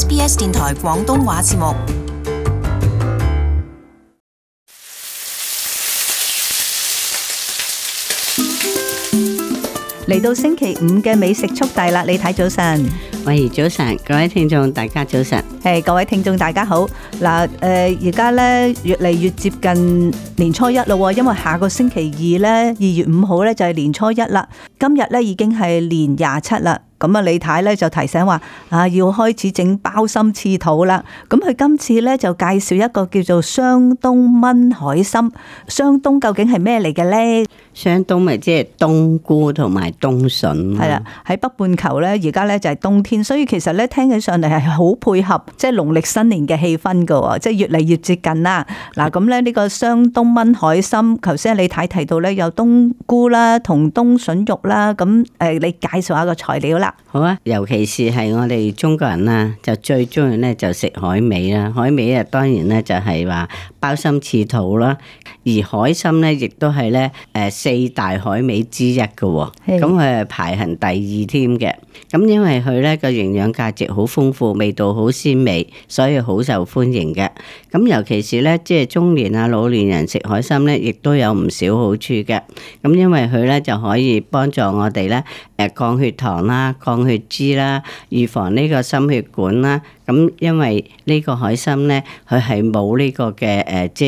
SBS 電台廣東話節目，嚟到星期五嘅美食速遞啦！你睇早晨，喂，早晨，各位聽眾大家早晨，係各位聽眾大家好。嗱，誒，而家咧越嚟越接近年初一咯，因為下個星期二咧二月五號咧就係年初一啦。今日咧已經係年廿七啦。咁啊，李太呢就提醒話、啊、要開始整包心刺肚啦。咁佢今次呢就介紹一個叫做雙冬炆海參。雙冬究竟係咩嚟嘅呢？雙冬咪即係冬菇同埋冬筍，係啊！喺北半球咧，而家咧就係冬天，所以其實咧聽起上嚟，係好配合，即係農曆新年嘅氣氛噶，即係越嚟越接近啦。嗱，咁咧呢個雙冬炆海參，頭先你睇提到咧有冬菇啦，同冬筍肉啦，咁誒，你介紹下個材料啦。嗯、好啊，尤其是係我哋中國人啊，就最中意咧就食海味啦。海味啊，當然咧就係話鮑參翅肚啦，而海參咧亦都係咧誒。四大海味之一嘅，咁佢係排行第二添嘅。咁因為佢咧個營養價值好豐富，味道好鮮美，所以好受歡迎嘅。咁尤其是咧，即係中年啊、老年人食海參咧，亦都有唔少好處嘅。咁因為佢咧就可以幫助我哋咧，誒，降血糖啦、降血脂啦、預防呢個心血管啦。咁因為呢個海參咧，佢係冇呢個嘅誒、呃，即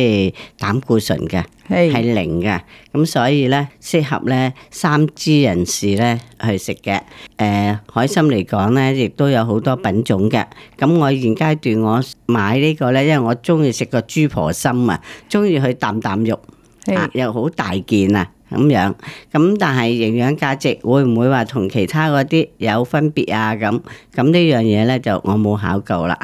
係膽固醇嘅，係 Hey. 零嘅。咁所以咧，適合咧三脂人士咧去食嘅。誒、呃、海參嚟講咧，亦都有好多品種嘅。咁我現階段我買個呢個咧，因為我中意食個豬婆參啊，中意佢啖啖肉，Hey. 呃、又好大件啊！咁樣，咁但係營養價值會唔會話同其他嗰啲有分別啊？咁咁呢樣嘢咧就我冇考究啦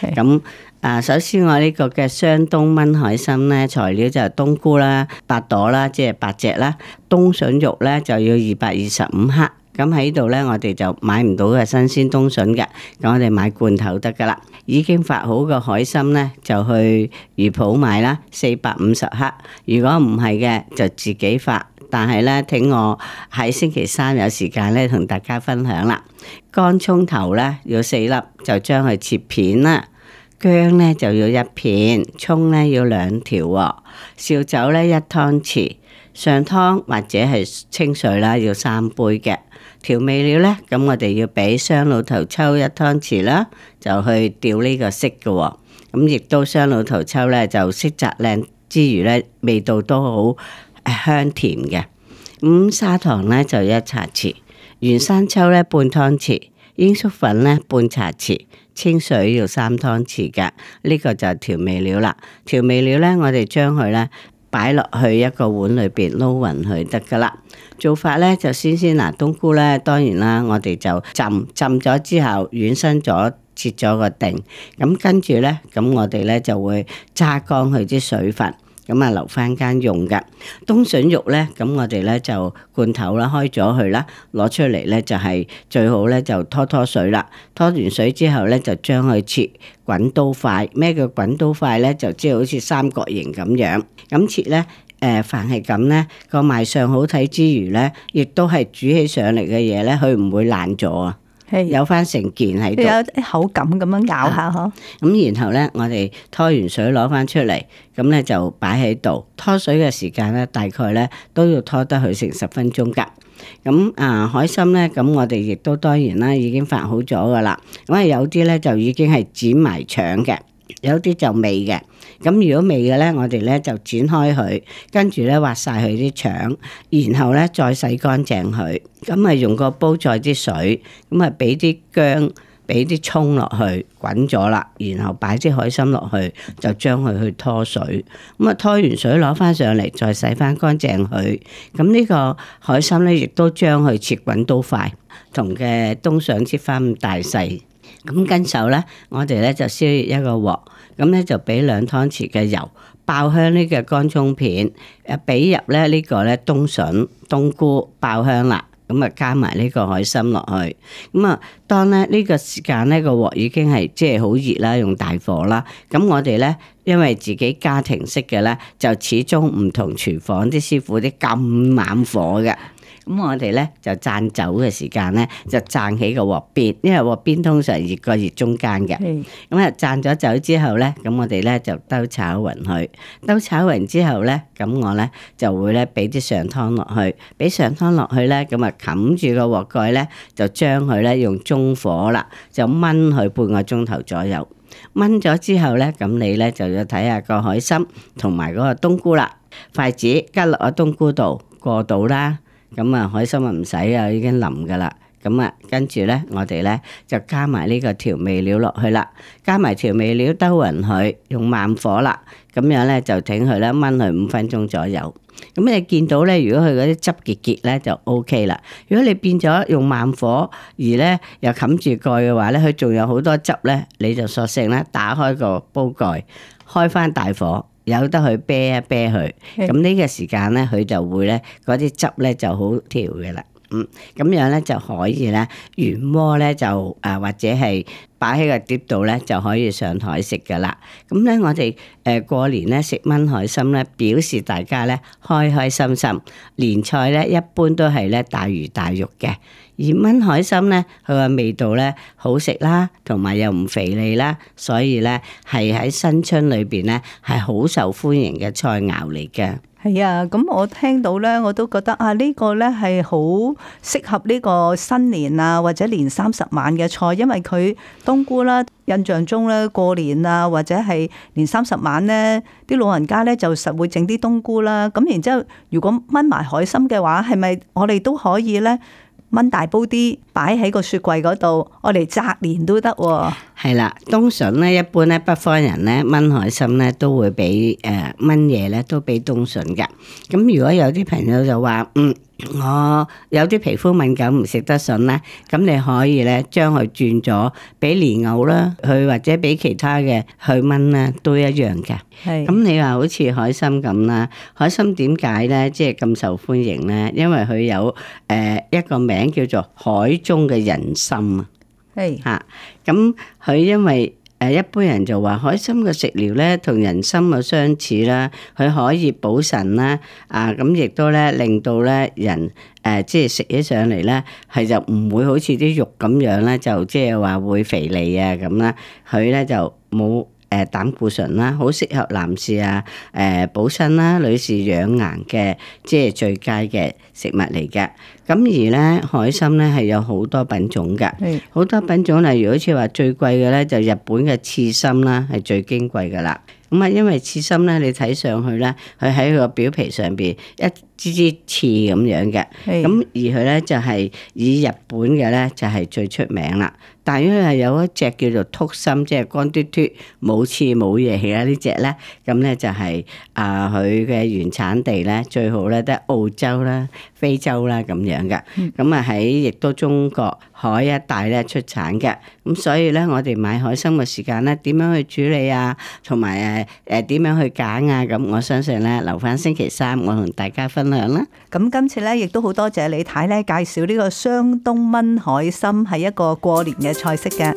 嚇。咁的啊，首先我個雙呢個嘅雙冬燜海參咧，材料就係冬菇啦、八朵啦，即係八隻啦，冬筍肉咧就要二百二十五克。咁喺度呢，我哋就買唔到嘅新鮮冬筍嘅，咁我哋買罐頭得噶啦。已經發好嘅海參呢，就去魚鋪買啦，四百五十克。如果唔係嘅，就自己發。但係呢，聽我喺星期三有時間呢，同大家分享啦。乾葱頭呢，要四粒，就將佢切片啦。薑呢，就要一片，葱呢，要兩條喎。燒酒呢，一湯匙，上湯或者係清水啦，要三杯嘅。調味料呢，咁我哋要俾雙老頭抽一湯匙啦，就去調呢個色嘅喎、哦。咁亦都雙老頭抽呢，就色澤靚之餘呢，味道都好香甜嘅。咁、嗯、砂糖呢，就一茶匙，原生抽呢，半湯匙，鷹粟粉呢，半茶匙，清水要三湯匙嘅。呢、呢個就調味料啦。調味料呢，我哋將佢呢。擺落去一個碗裏邊撈勻佢得噶啦。做法咧，就先先嗱冬菇咧，當然啦，我哋就浸浸咗之後軟身咗，切咗個定，咁、嗯、跟住咧，咁、嗯、我哋咧就會揸乾佢啲水分。咁啊，留翻間用噶冬筍肉咧，咁我哋咧就罐頭啦，開咗佢啦，攞出嚟咧就係最好咧就拖拖水啦，拖完水之後咧就將佢切滾刀塊。咩叫滾刀塊咧？就即係好似三角形咁樣咁切咧。誒、呃，凡係咁咧，個賣相好睇之餘咧，亦都係煮起上嚟嘅嘢咧，佢唔會爛咗啊。係是有翻成件喺度，有啲口感咁樣咬下嗬。咁、嗯嗯、然後咧，我哋拖完水攞翻出嚟，咁咧就擺喺度。拖水嘅時間咧，大概咧都要拖得佢成十分鐘噶。咁啊、呃，海參咧，咁我哋亦都當然啦，已經發好咗噶啦。咁啊有啲咧就已經係剪埋腸嘅。有啲就未嘅，咁如果未嘅咧，我哋咧就剪開佢，跟住咧挖晒佢啲腸，然後咧再洗乾淨佢，咁啊用個煲再啲水，咁啊俾啲薑、俾啲蔥落去滾咗啦，然後擺啲海參落去，就將佢去拖水，咁啊拖完水攞翻上嚟再洗翻乾淨佢，咁呢個海參咧亦都將佢切滾刀塊，同嘅冬筍切翻咁大細。咁跟手咧，我哋咧就燒熱一個鑊，咁咧就俾兩湯匙嘅油爆香呢個乾葱片，誒俾入咧呢個咧冬筍、冬菇爆香啦，咁啊加埋呢個海參落去，咁啊當咧呢個時間咧個鑊已經係即係好熱啦，用大火啦，咁我哋咧因為自己家庭式嘅咧，就始終唔同廚房啲師傅啲咁猛火嘅。咁我哋咧就攢酒嘅時間咧，就攢起個鑊邊，因為鑊邊通常熱過熱中間嘅。咁啊是，攢咗酒之後咧，咁我哋咧就兜炒勻佢，兜炒勻之後咧，咁我咧就會咧俾啲上湯落去，俾上湯落去咧，咁啊冚住個鑊蓋咧，就將佢咧用中火啦，就炆佢半個鐘頭左右。炆咗之後咧，咁你咧就要睇下個海參同埋嗰個冬菇啦，筷子吉落個冬菇度過度啦。咁啊、嗯，海參啊唔使啊，已經淋噶啦。咁、嗯、啊，跟住咧，我哋咧就加埋呢個調味料落去啦，加埋調味料兜勻佢，用慢火啦。咁樣咧就整佢啦，炆佢五分鐘左右。咁、嗯、你見到咧，如果佢嗰啲汁結結咧就 OK 啦。如果你變咗用慢火而咧又冚住蓋嘅話咧，佢仲有好多汁咧，你就索性咧打開個煲蓋，開翻大火。由得佢啤一啤佢，咁呢個時間咧，佢就會咧，嗰啲汁咧就好調嘅啦。嗯， 咁樣咧就可以咧，軟鍋咧就誒或者係。 擺喺個碟度咧，就可以上台食噶啦。咁咧，我哋誒過年咧食炆海參咧，表示大家咧開開心心。年菜咧一般都係咧大魚大肉嘅，而炆海參咧佢個味道咧好食啦，同埋又唔肥膩啦，所以咧係喺新春裏邊咧係好受歡迎嘅菜肴嚟嘅。係啊，咁我聽到咧我都覺得啊，呢個咧係好適合呢個新年啊或者年三十晚嘅菜，因為佢。冬菇啦，印象中咧過年啊，或者係年三十晚咧，啲老人家咧就實會整啲冬菇啦。咁然之後，如果炆埋海參嘅話，係咪我哋都可以咧炆大煲啲擺喺個雪櫃嗰度，我哋擲年都得喎？係啦，冬筍咧，一般咧，北方人咧炆海參咧，都會俾誒、呃、炆嘢咧，都俾冬筍噶。咁如果有啲朋友就話，嗯，我有啲皮膚敏感唔食得筍咧，咁你可以咧將佢轉咗，俾蓮藕啦，佢或者俾其他嘅去炆咧，都一樣嘅。係是。咁你話好似海參咁啦，海參點解咧，即係咁受歡迎咧？因為佢有誒、呃、一個名叫做海中嘅人參啊。係嚇，咁佢 Hey.、啊、因為誒一般人就話海參嘅食療咧，同人參啊相似啦，佢可以補腎啦，啊咁亦都咧令到咧人誒、啊、即係食起上嚟咧係就唔會好似啲肉咁樣咧就即係話會肥膩啊咁啦，佢咧就冇誒膽固醇啦，好適合男士啊誒補腎啦，女士養顏嘅，即係最佳嘅。食物嚟嘅，咁而咧海參咧係有好多品種嘅，好多品種例如好似話最貴嘅咧就日本嘅刺參啦，係最矜貴嘅啦。咁啊，因為刺參咧你睇上去咧，佢喺佢個表皮上邊一支支刺咁樣嘅，咁而佢咧就係以日本嘅咧就係最出名啦。但因為有一隻叫做突參，即係乾脫脫冇刺冇嘢氣啦。呢隻咧，咁咧就係啊佢嘅原產地咧最好咧都係澳洲啦。非洲啦咁樣嘅，咁啊喺亦都中國海一帶咧出產嘅，咁所以咧我哋買海參嘅時間咧點樣去處理啊，同埋誒誒點樣去揀啊，咁我相信咧留翻星期三我同大家分享啦。咁今次咧亦都好多謝李太咧介紹呢個雙冬炆海參係一個過年嘅菜式嘅。